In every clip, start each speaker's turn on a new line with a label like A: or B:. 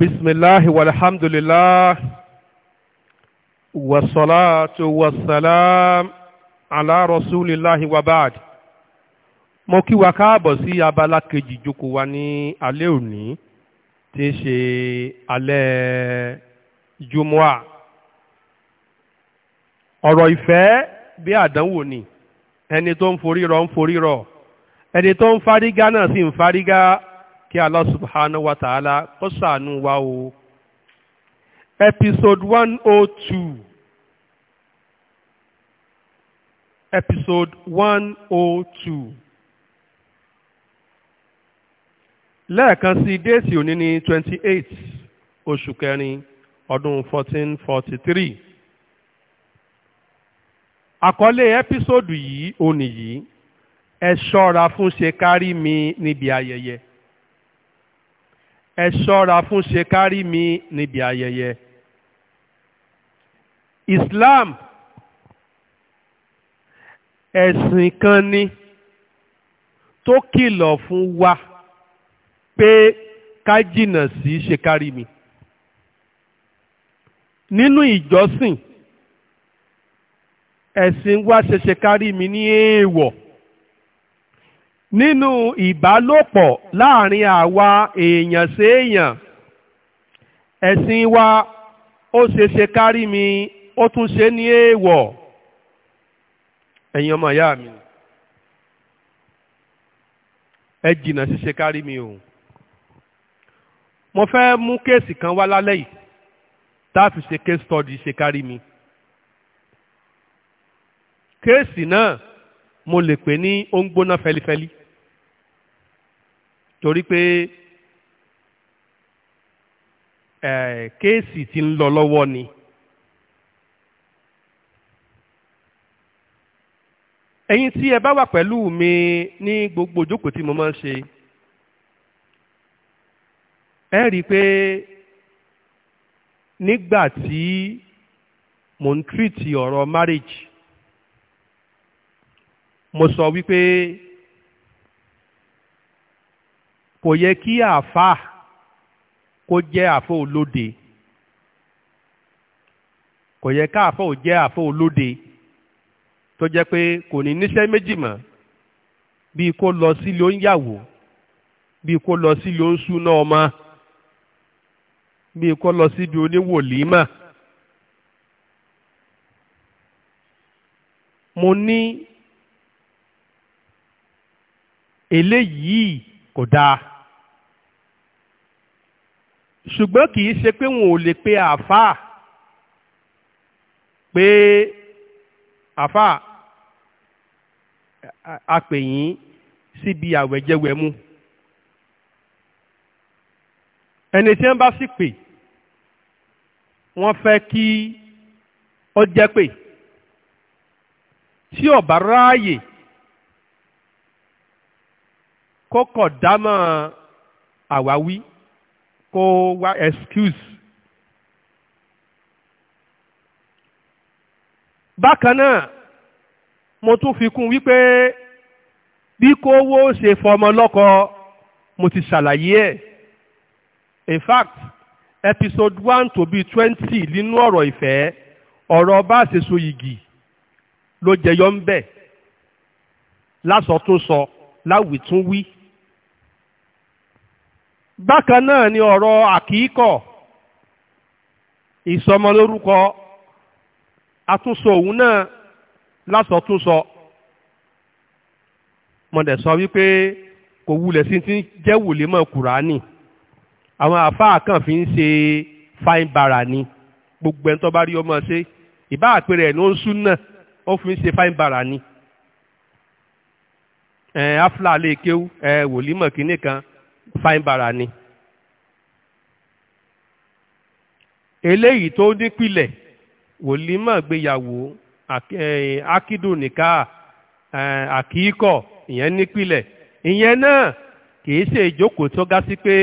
A: بسم الله والحمد لله والصلاة والسلام على رسول الله وبعد mo kí wa káàbọ̀ sí abala kejì jókòó wa ní alẹ́ òní tí í ṣe alẹ́ jumua ọ̀rọ̀ ìfẹ́ bí àdánwò ni ẹni tó ń forí rọ ń forí rọ ẹni tó ń fárígá náà sì kí Allah wa ta'ala kó ṣàánú wa o episode one oh two episode one oh two lẹ́ẹ̀kan sí déètì òní ní twenty eight oṣù kẹrin ọdún fourteen forty three àkọlé ẹ́písòdù yìí òní yìí ẹ ṣọ́ra fún ṣe kárí mi níbi ayẹyẹ ẹ ṣọ́ra fún ṣe kárí mi níbi ayẹyẹ. Islam ẹ̀sìn kan ni tó kìlọ̀ fún wa pé ká jìnà sí ṣe kárí mi. Nínú ìjọsìn ẹ̀sìn wa ṣe ṣe kárí mi ní èèwọ̀. E nínú ìbálòpọ̀ láàrin àwa èèyàn séèyàn ẹ̀sìn wa ó ṣe ṣe kárí mi ó tún ṣe ní èèwọ̀ ẹ̀yin ọmọ ìyá mi ẹ jìnnà sí ṣe kárí mi o mo fẹ́ mú kéèsì kan wá lálẹ́ yìí tá a fi ṣe case study ṣe kárí mi kéèsì náà mo lè pè ní ó ń gbóná fẹlifẹli. Feli torí pé kéèsì tí ń lọ lọ́wọ́ ni. ẹ̀yin tí ẹ bá wà pẹ̀lú mi ní gbogbo ìjókòó tí mo máa ń ṣe ẹ rí i pé nígbà tí mo ń tírìtì ọ̀rọ̀ marriage mo sọ wípé kò yẹ kí àáfàá kó jẹ́ àáfàá olóde kò yẹ káàfọ́ ò jẹ́ àfọ́ olóde tó jẹ́ pé kò ní níṣẹ́ méjì mọ́ bíi kó lọ sílé oúnjàwó bíi kó lọ sílé oúnṣúná ọmọ bíi kó lọ síbi oníwòlímà. mo ní eléyìí kò dáa ṣùgbọ́n kì í ṣe pé wọn ò lè pe àáfàá pé àáfàá apèyìn síbi àwẹ̀jẹwẹ̀mu ẹni tí wọ́n bá sì pè wọ́n fẹ́ kí ó jẹ́ pé tí ó bá ráàyè kókò dámọ̀ àwáwí kó wá excuse. bákan náà mo tún fi kún wípé bí kówó ṣe fọmọ lọ́kọ mo ti ṣàlàyé ẹ̀ in fact episode one to be twenty nínú ọ̀rọ̀ ìfẹ́ ọ̀rọ̀ bá ṣe so yìgì ló jẹyọ ń bẹ̀ lásọtúnsọ láwìtúnwí. So, bákan náà ni ọ̀rọ̀ àkíkọ̀ ìsọmọlórúkọ àtúnsọ òun náà lásọtúnsọ mọ̀dẹ̀ sọ wípé kò wulẹ̀ sí ti jẹ́ wùlémọ̀ kùránì àwọn àfáà kan fi ń ṣe fáin bara ni gbogbo ẹni tó bá rí ọmọ ṣe ìbá àpẹẹrẹ ẹ̀ ló ń sún náà ó fi ń ṣe fáin bara ni ẹ̀ afla lè kéwú wòlímọ̀ kìíní kan fáin bara ni. eléyìí tó nípìlẹ̀ wòlímọ̀ gbéyàwó akidonika àkíkọ̀ ìyẹn nípìlẹ̀ ìyẹn náà kìí ṣe ìjókòó tó ga pé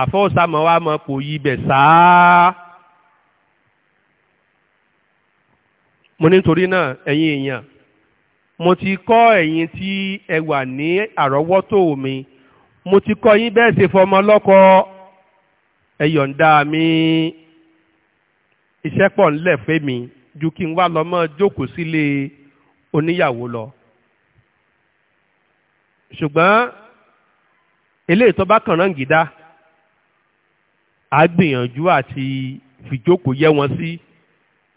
A: àfọ́sàmọ́ wa kò yí ibẹ̀ sáá. mo nítorí náà ẹ̀yin èèyàn mo ti kọ́ ẹ̀yin tí ẹ wà ní àrọ́wọ́tò mo ti kọ́ yín bẹ́ẹ̀ ṣe fọmọ mi. iṣẹ́ pọ̀ ńlẹ̀ fẹ́mi ju kí n wá lọ mọ́ jókòó sílé oníyàwó lọ. ṣùgbọ́n eléyìí tó bá kàn ráǹgídá á gbìyànjú àti fìjókòó yẹ wọn sí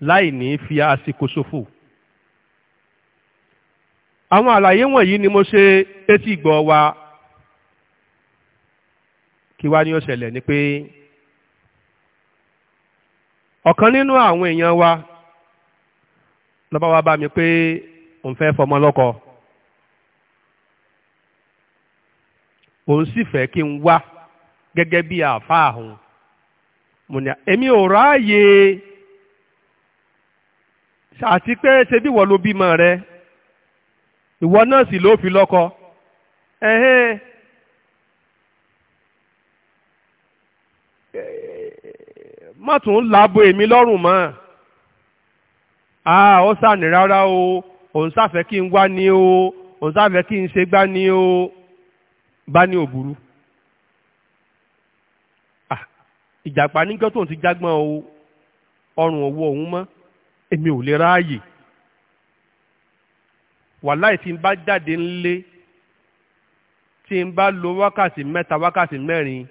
A: láì ní fi àsìkò ṣòfò. àwọn àlàyé wọ̀nyí ni mo ṣe etí ìgbọ́ wa kí wá ní ó ni pé ọ̀kan nínú àwọn èèyàn wa lọ́ba wa bá mi pé òun fẹ́ fọmọ lọ́kọ òun sì fẹ́ kí n wá gẹ́gẹ́ bí àáfàá òun mo ní èmi ò ráàyè àti pé ṣe bí ìwọ ló bímọ rẹ ìwọ náà sì ló fi lọ́kọ ẹ̀hẹ́n. má tún lábo èmi lọ́rùn mọ́ àà ó sàní rárá o òun sáfẹ́ kí n wá ní o òun sáfẹ́ kí n ṣe gbá ní o bá ní òbúrú ìjàpá níjọ́ tóun ti jágbọ́n o ọrùn òwò òun mọ́ èmi ò lè ráàyè wàláì tí n bá jáde ńlé tí n bá lo wákàtí mẹ́ta wákàtí mẹ́rin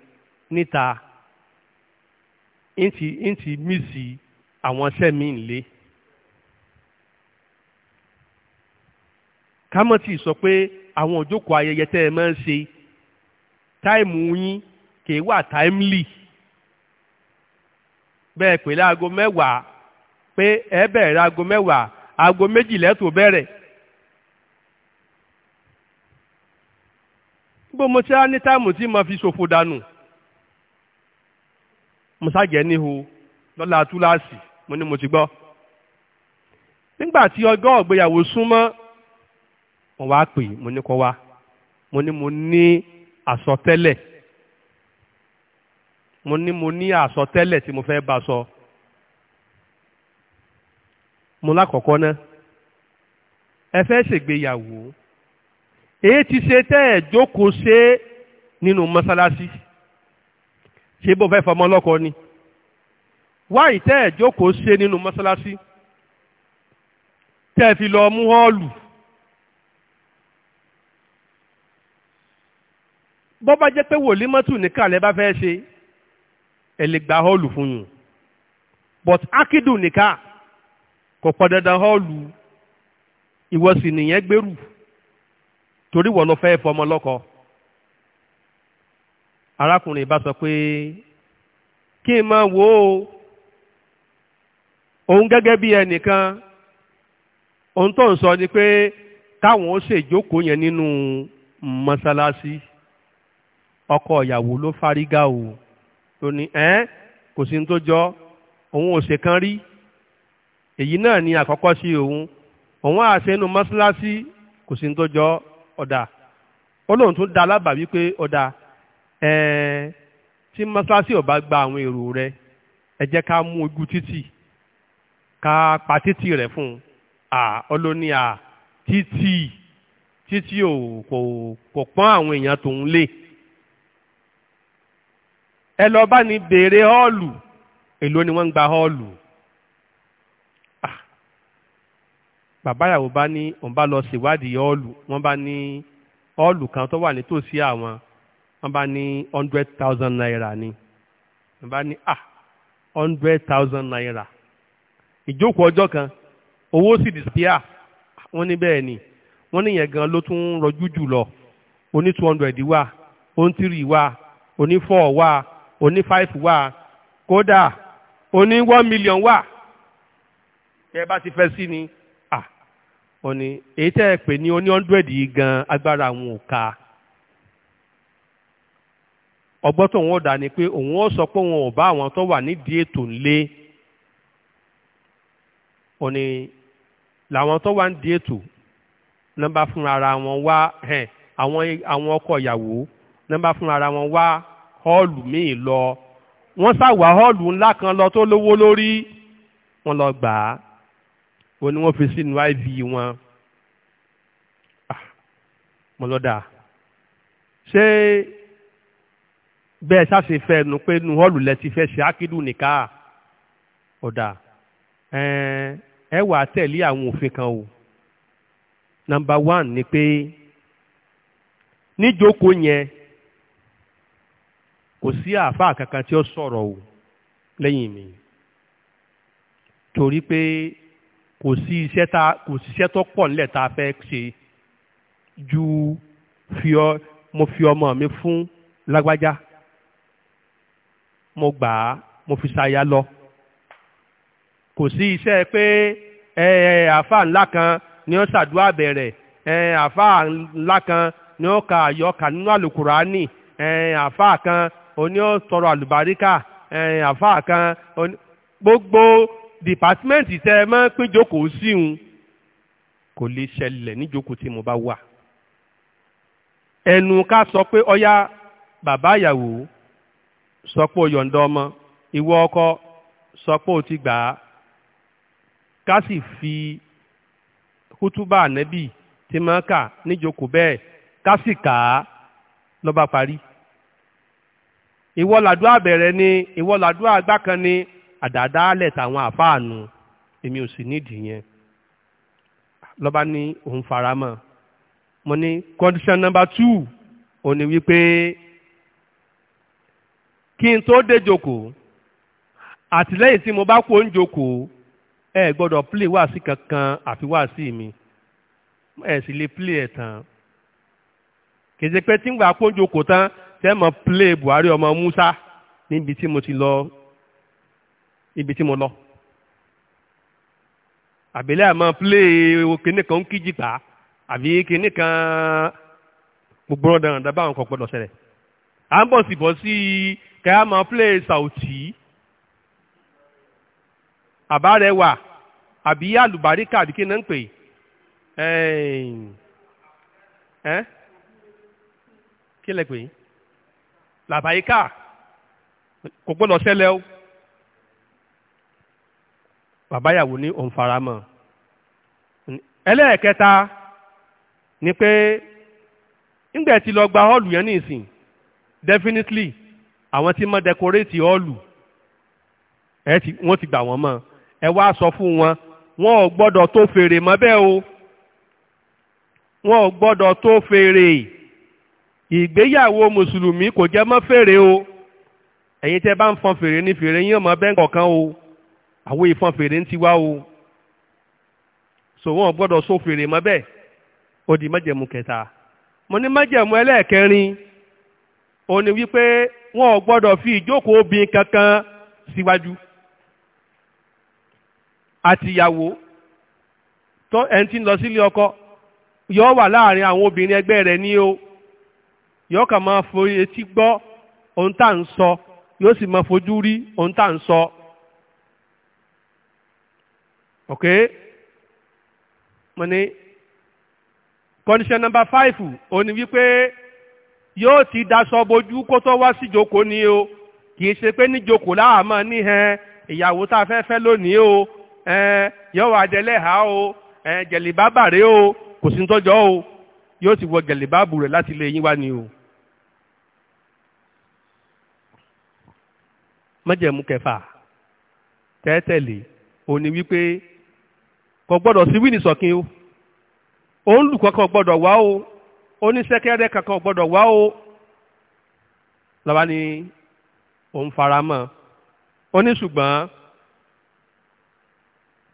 A: níta ń ti ń ti mísì àwọn sẹ́mi ńlé. kámọ́tì sọ pé àwọn òjókòó ayẹyẹ tẹ́ ẹ máa ń ṣe táìmù yín kìí wà táìmìlì bẹ́ẹ̀ pé láago mẹ́wàá pé ẹ bẹ̀rẹ̀ láago mẹ́wàá aago méjìlẹ́ tó bẹ̀rẹ̀. gbogbo mo ti á ní táìmù tí mo fi ṣòfò dànù mo ságẹ̀ níhu lọ́la túláàsì mo ní mo ti gbọ́ nígbà tí ọgọ́ ọ̀gbéyàwó súnmọ́ mo wá pè mo ní kó wá mo ní mo ní àsọtẹ́lẹ̀ mo ní mo ní àsọtẹ́lẹ̀ tí mo fẹ́ bá sọ mo lákọ̀ọ́kọ́ ná ẹ fẹ́ ṣègbéyàwó èyí ti ṣe tẹ́ ẹ̀ jókòó ṣe nínú mọ́sálásí ṣé bó fẹ́ fọmọ ọlọ́kọ ni wá ìtẹ́ ẹ̀ jókòó ṣe nínú mọ́ṣáláṣí tẹ́ ẹ fi lọ mú họ́ọ̀lù bọ́ bá jẹ́ pé wòlímọ́tù nìkan bá fẹ́ ṣe ẹ lè fún yín but akidu nìkan kò pọ̀ dandan họ́ọ̀lù ìwọ sì nìyẹn gbèrú torí wọ́n lọ fẹ́ fọmọ lọ́kọ arákùnrin bá sọ pé kí n máa wò ó òun gẹ́gẹ́ bí ẹnìkan ohun tó ń sọ ni pé káwọn ó ṣèjókòó yẹn nínú mọ́sálásí ọkọ ìyàwó ló fárígá o tó ní ẹ́ kò sí tó jọ òun ò ṣe kan rí èyí náà ni àkọ́kọ́ sí òun òun àṣẹ inú mọ́sálásí kò sí tó jọ ọ̀dà ó lóun tún da alábàá wípé ọ̀dà ẹ tí mọ́ṣáláṣí ọba gba àwọn èrò rẹ ẹ jẹ́ ká mú ojú títì ká pa títì rẹ fún un à ọlọ́ni à títì títì ò kò kò pọ́n àwọn èèyàn tó ń lé ẹ lọ bá ní béèrè họ́ọ̀lù èló ni wọ́n ń gba họ́ọ̀lù bàbá ìyàwó bá ní òun bá lọ ṣèwádìí họ́ọ̀lù wọ́n bá ní họ́ọ̀lù kan tó wà nítòsí àwọn wọ́n bá ní hundred thousand naira ni wọ́n bá ní ah hundred thousand naira ìjókòó ọjọ́ kan owó sì disappear wọ́n ní bẹ́ẹ̀ ni wọ́n ní yẹn gan ló tún rọjú jù lọ oní two hundred wà oní three wà oní four wà oní five wà kódà oní one million wà ẹ bá ti fẹ́ sí ni ah wọ́n ní èyí tẹ́ ẹ pè ní oní hundred yìí gan agbára àwọn ò ká ọgbọ́n tóun ó dá ni pé òun ó sọ pé òun ò bá àwọn tó wà nídìí ètò ńlé òní làwọn tó wà nídìí ètò nọ́mbà fún ara wọn wá àwọn ọkọ ìyàwó nọ́mbà fún ara wọn wá họ́ọ̀lù míì lọ wọ́n ṣàwà họ́ọ̀lù ńlá kan lọ tó lówó lórí wọ́n lọ gbà á wọ́n ní wọ́n fi sínú iv wọn ah, mọ́lọ́dà ṣé bẹ́ẹ̀ ṣáṣe fẹ́ nu pé nu họ́ọ̀lù lẹ ti fẹ́ ṣe ákídù nìka ọ̀dà ẹ wà á tẹ̀lé àwọn òfin kan o nọ́mbà one ni pé níjókòó yẹn kò sí àáfàá kankan tí ó sọ̀rọ̀ o lẹ́yìn mi torí pé kò sí iṣẹ́ tá kò sí iṣẹ́ tó pọ̀ nílẹ̀ tá a fẹ́ ṣe ju fi ọ mo fi ọmọ mi fún lágbájá mo gbà á mo fi ṣaya lọ kò sí iṣẹ́ pé àáfàá ńlá kan ni ó ṣàdúrà bẹ̀rẹ̀ àáfàá ńlá kan ni ó ka àyọkà nínú àlùkùránì àáfàá kan oní ó tọrọ àlùbáríkà àáfàá kan gbogbo dìpátímẹ́ǹtì tẹ ẹ máa pín jókòó sí un kò lè ṣẹlẹ̀ níjókòó tí mo bá wà ẹnu ká sọ pé ọyá bàbá ìyàwó sọ pé o yọ̀ǹda ọmọ ìwọ ọkọ sọ pé o ti gbà á ká sì fi kútúbà nẹ́bì tí máa kà níjókòó bẹ́ẹ̀ ká sì kà á ló bá parí ìwọ làdúrà bẹ̀rẹ̀ ni ìwọ làdúrà àgbà kan ni àdàdálẹ̀ tàwọn àfáànù èmi ò sì nídìí yẹn ló ní òun faramọ́ mo ní condition number two òun ni wípé kí n tó dé jókòó àtìlẹ́yìn tí mo bá kó ń jókòó ẹ gbọ́dọ̀ play wáàsí kankan àfi wáàsí mi ẹ sì lè play ẹ̀ tán kèsì pé tí ń gbà kó ń jókòó tán tẹ́ mọ̀ play Buhari ọmọ Musa níbi tí mo ti lọ ibi tí mo lọ àbílẹ̀ àmọ́ play kinní kan ń kíjì pa àbí kinní kan gbogbo ọ̀daràn dábàá àwọn kan gbọ́dọ̀ ṣẹlẹ̀ à ń bọ̀ sí bọ́ sí i kẹ́ á máa play Saoti àbárẹwà àbí àlùbáríkà àbí kí n náà ń pè ẹ́ kí lẹ pè làbáyíká kò gbọ́dọ̀ ṣẹlẹ̀ o bàbáyàwó ní òun faramọ́ ẹlẹ́ẹ̀kẹta ni pé ńgbẹ̀ tí lọ gba họ́ọ̀lù yẹn nísìn definitely àwọn tí mọ́ dẹkoréètì ọ́ọ̀lù ẹ ti wọ́n ti gbà wọ́n mọ́ ẹ wá sọ fún wọn wọn ò gbọ́dọ̀ tó fèrè mọ́ bẹ́ẹ̀ o wọn ò gbọ́dọ̀ tó fèrè ìgbéyàwó mùsùlùmí kò jẹ́ mọ́ fèrè o ẹ̀yin tẹ́ bá ń fọn fèrè ní fèrè yín ọmọ bẹ́ẹ̀ kọ̀ọ̀kan o àwọn ìfọn fèrè ń tiwá o so wọn ò gbọ́dọ̀ sọ fèrè mọ́ bẹ́ẹ̀ ó di májẹ̀mú kẹta mo ní májẹ̀mú ẹlẹ́ẹ̀kẹrin òun ni wípé wọn ò gbọ́dọ̀ fi ìjókòó obìnrin kankan síwájú àtìyàwó tó ẹni tí ń lọ sílé ọkọ yóò wà láàrin àwọn obìnrin ẹgbẹ́ rẹ̀ ní o yóò kàn máa fo etí gbọ́ ohun tá à ń sọ yóò sì máa fojú rí ohun tá à ń sọ. ok mo ní condition number five ó ní wípé yóò ti daṣọ bojú kó tó wá síjókòó ni o kì í ṣe pé níjókòó láàmọ́ ní hẹn ìyàwó tá a fẹ́ fẹ́ lónìí o yóò wá jẹlẹ́ ha o jẹ̀lìbábà rèé o kò sí tọ́jọ́ o yóò ti wọ jẹ̀lìbábù rẹ̀ láti ilé yín wá ni o. májẹ̀mú kẹfà tẹ́tẹ̀lé òní wípé kò gbọ́dọ̀ sí wíìnì sọ̀kin o òun lùkọ́ kan gbọ́dọ̀ wá o oníṣẹ́kẹ́rẹ́ kankan gbọ́dọ̀ wá o lọ́ba ni òun fara mọ́ ọ ní ṣùgbọ́n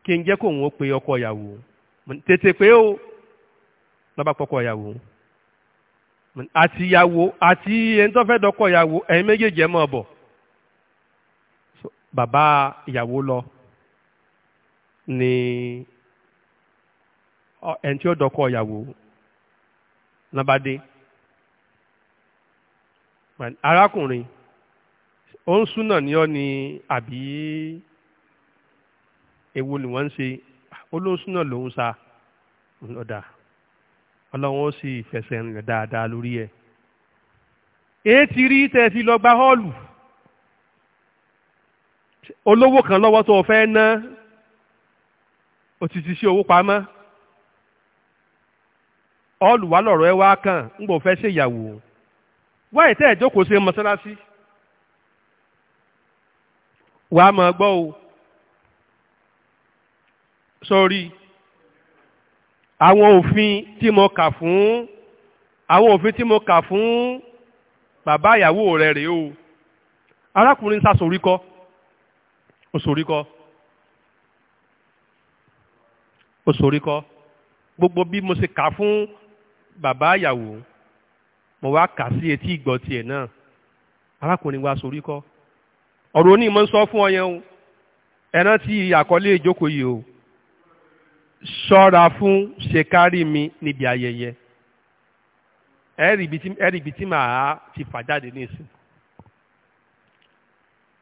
A: kí n jẹ́ kóun ó pe ọkọ ìyàwó tètè pé o lọ́ba pọkọ ìyàwó àti ìyàwó àti ẹni tó fẹ́ dọ́kọ ìyàwó ẹ̀yin méjèèjì ẹ̀ mọ̀ bọ̀ bàbá ìyàwó lọ ni ẹni tí ó dọ́kọ ìyàwó nàbàdé arákùnrin ó ń súnà ní ọ ni àbí èwo ni wọ́n ń ṣe ó ló ń súnà lòun sa ọ̀dà ọlọ́run ó sì fẹsẹ̀ rìn dáadáa lórí ẹ̀ èé ti rí tẹ́ fi lọ gba họ́ọ̀lù olówó kan lọ́wọ́ tó o fẹ́ ná o ti owó pamọ́ ọlùwà lọ̀rọ̀ ẹ wá kàn ń gbò fẹ́ ṣèyàwó wáyé tẹ́ ẹ̀ jókòó ṣe mọ́ṣáláṣí wàá mọ̀ gbọ́ o sọ́rí àwọn òfin tí mo kà fún àwọn òfin tí mo kà fún bàbá ìyàwó rẹ̀ rèé o arákùnrin sá sórí kọ́ ó sórí kọ́ ó sórí kọ́ gbogbo bí mo ṣe kà fún bàbá àyàwó mo wá kà sí etí ìgbọ́ tiẹ̀ náà arákùnrin wa sorí kọ́ ọ̀rọ̀ onímọ̀ ń sọ fún ọ yẹn o ẹran tí àkọlé ìjókòó yìí o ṣọ́ra fún ṣèkárí mi níbi ayẹyẹ ẹ̀rì ibi tí màá ti fà jáde ní ìsìn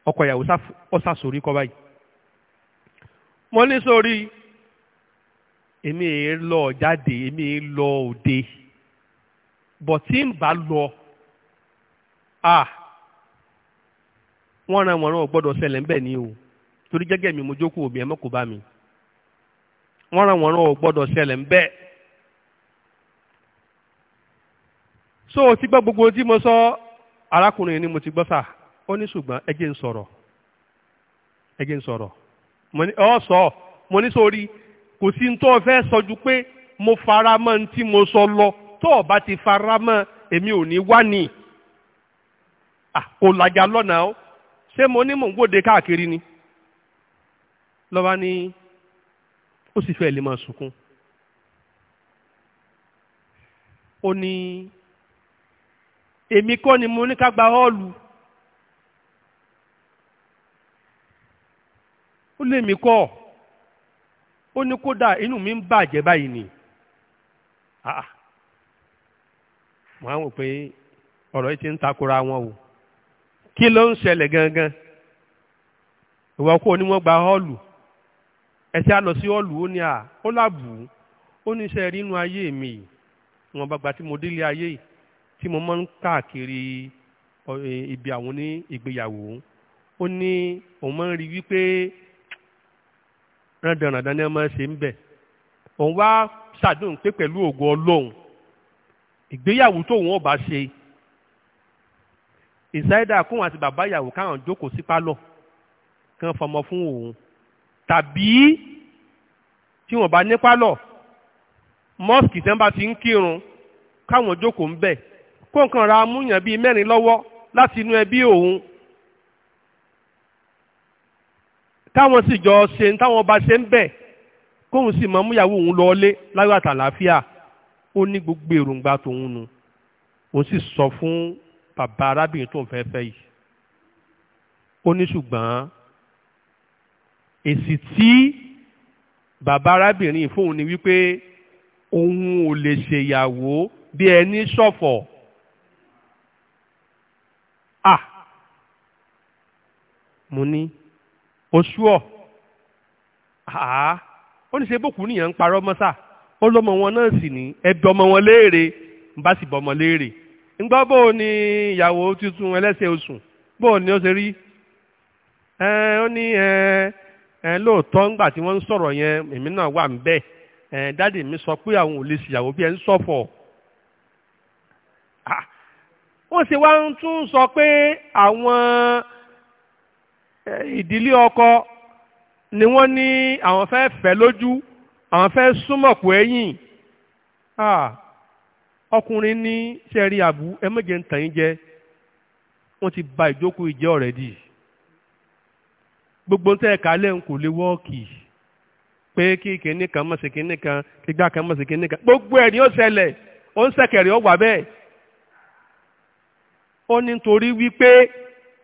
A: ọkọ ìyàwó ọ̀sà sórí kọ́ báyìí mo ní sórí èmi èé lọ jáde èmi èé lọ òde. bọ̀ tí ń bá lọ à wọ́n ran wọ̀nrán ò gbọ́dọ̀ ṣẹlẹ̀ ń bẹ̀ ni o torí jẹ́gẹ́ mi mo jókòó mi ẹ mọ́ bá mi wọ́n ran wọ̀nrán ò gbọ́dọ̀ ṣẹlẹ̀ ń bẹ̀. so o ti gbọ́ gbogbo tí mo sọ arákùnrin ni mo ti gbọ́ sà ó ní ṣùgbọ́n ẹ ń sọ̀rọ̀ ẹ ń sọ̀rọ̀ ọ sọ mo ní sórí kò sí ní tó o fẹ́ sọ ju pé mo fara mọ́ ní tí mo sọ lọ. tó o bá ti fara mọ́ èmi ò ní wá ni kò làjà lọ́nà ó ṣé mo ní mò ń gbòde káàkiri ni lọ́ba ní ó sì fẹ́ lè máa sunkún ó ní èmi kọ́ ni mo ní ká gba họ́ọ̀lù ó lé kọ́ ó ní kódà inú mi ń bàjẹ́ báyìí ni. ah mo á wò pé ọ̀rọ̀ yìí ti ń takora wọn o kí ló ń ṣẹlẹ gangan ìwọ kó ni wọ́n gba họ́ọ̀lù ẹ̀sẹ̀ á sí ó ní à ó làbù ó ní iṣẹ́ ayé mi wọn bá gba tí mo délé ayé tí mo máa ń káàkiri e, ibi àwọn ní ìgbéyàwó tóun ò bá ṣe ìsáídà kóun àti bàbá ìyàwó káwọn jókòó sí pálọ̀ kí wọ́n fọmọ fún òun tàbí tí wọ́n bá ní pálọ̀ mọ́ọ̀sì tí wọ́n bá ti ń kírun káwọn jókòó ń bẹ̀ kó nǹkan ra amúyàn bíi mẹ́rin lọ́wọ́ láti inú ẹbí òun táwọn sì jọ ṣe táwọn bá ṣe ń bẹ̀ kóun sì mọ̀ múyàwó òun lọ́ọ́lé láyọ̀ àtàlàáfíà ó ní gbogbo èròǹgbà tòun nu òun sì sọ fún bàbá arábìnrin tó ń fẹ́ fẹ́ yìí ó ní ṣùgbọ́n èsì tí bàbá arábìnrin fóun ni wípé òun ò lè ṣèyàwó bí ẹni ṣọ̀fọ̀ à mo ní oṣù ọ̀ àá ó ní ṣe bókùn nìyẹn ń parọ́ mọ́sà ó lọ́mọ wọn náà sì ní ẹbí ọmọ wọn léèrè ń bá sì bọ́mọ léèrè ńgbọ́ bó o ní ìyàwó tuntun ẹlẹ́sẹ̀ oṣù bó o ní ó ṣe rí ẹ ó ní ẹ ẹ lóòótọ́ ńgbà tí wọ́n ń sọ̀rọ̀ yẹn èmi náà wà ń bẹ̀ ẹ dáàdì mi sọ pé àwọn ò lè ṣìyàwó bí ẹ ń ṣọ̀fọ̀ wọ́n sì wá ń tún sọ pé àwọn ìdílé ọkọ ni wọ́n ní àwọn fẹ́ fẹ́ lójú àwọn fẹ́ súnmọ̀kù ẹ̀yìn ọkùnrin ní sẹ́rí àbú ẹ méje ń tàn yín jẹ wọ́n ti ba ìjókòó ìjẹ́ ọ̀rẹ́dì gbogbo ń tẹ́ ẹ̀ka lẹ́hìn kò lè wọ́ọ̀kì pé kí kìnní kan mọ̀ sí kìnní kan kí gbá kan mọ̀ sí kan gbogbo ẹ̀ ni ó ṣẹlẹ̀ ó ń o ó wà bẹ́ẹ̀ ó ní torí wípé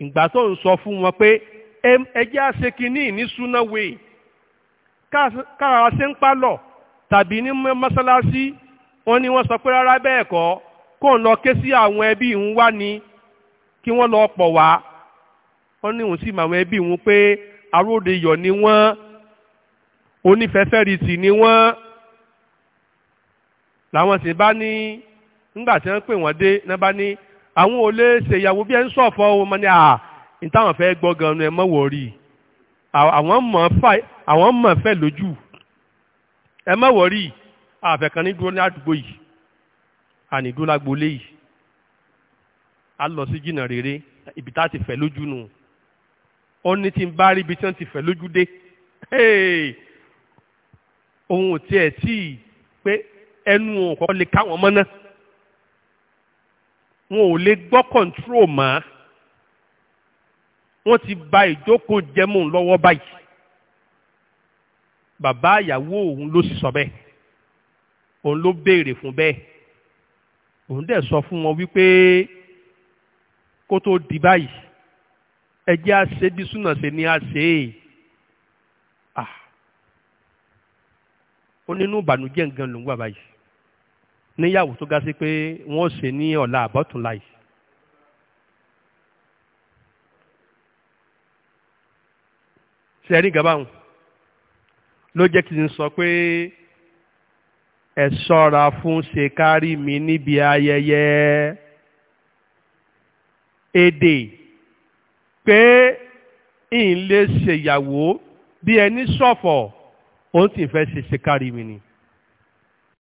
A: ìgbà tó ń sọ fún wọn pé ẹ jẹ́ ní súnáwèé kára ṣe ń pálọ̀ tàbí ní mọ́sálásí wọ́n ní wọ́n sọ pé rárá bẹ́ẹ̀ kọ́ kó lọ ké sí àwọn ẹbí ń ni kí wọ́n lọ pọ̀ wá wọn ní òun sì mọ àwọn ẹbí ń pé aróde yọ̀ ni wọ́n onífẹ́fẹ́rìtì ni wọ́n làwọn sì bá ní ńgbà tí wọ́n pè wọ́n dé náà bá ní àwọn ò lè ṣèyàwó bí ẹ ń ọmọ ni à táwọn fẹ́ àwọn mọ̀ fẹ́ lójú ẹ má wọ̀rí àfẹ̀kan ní dúró ní àdúgbò yìí ànídó lágbolé yìí a lọ sí jìnnà rere ibi tá a ti fẹ́ lójú nù ó ní tí n bá rí ibi tí wọ́n ti fẹ́ lójú dé ohun tí ẹ̀ tí ì pé ẹnu òun lè ká mọ́ náà wọn ò lè gbọ́ kọ̀ǹtúrò mọ́ wọ́n ti ba ìjókòó jẹ́mú lọ́wọ́ báyìí bàbá ìyàwó òun ló sì sọ bẹ́ẹ̀ òun ló béèrè fún bẹ́ẹ̀ òun dẹ̀ sọ fún wọn wípé kó tó di báyìí ẹjẹ́ àṣẹ bí súnà ṣe ni àṣẹ ah ó nínú ìbànújẹ́ nǹkan ló ń wà báyìí níyàwó tó ga sí pé wọ́n ṣe ní ọ̀la àbọ̀tún láyìí sẹ́rí gàbáhùn ló jẹ́ kí n sọ pé ẹ ṣọ́ra fún ṣe kárí mi níbi ayẹyẹ èdè pé n lè ṣèyàwó bí ẹni ṣọ̀fọ̀ òun sì fẹ́ ṣe ṣe mi ni.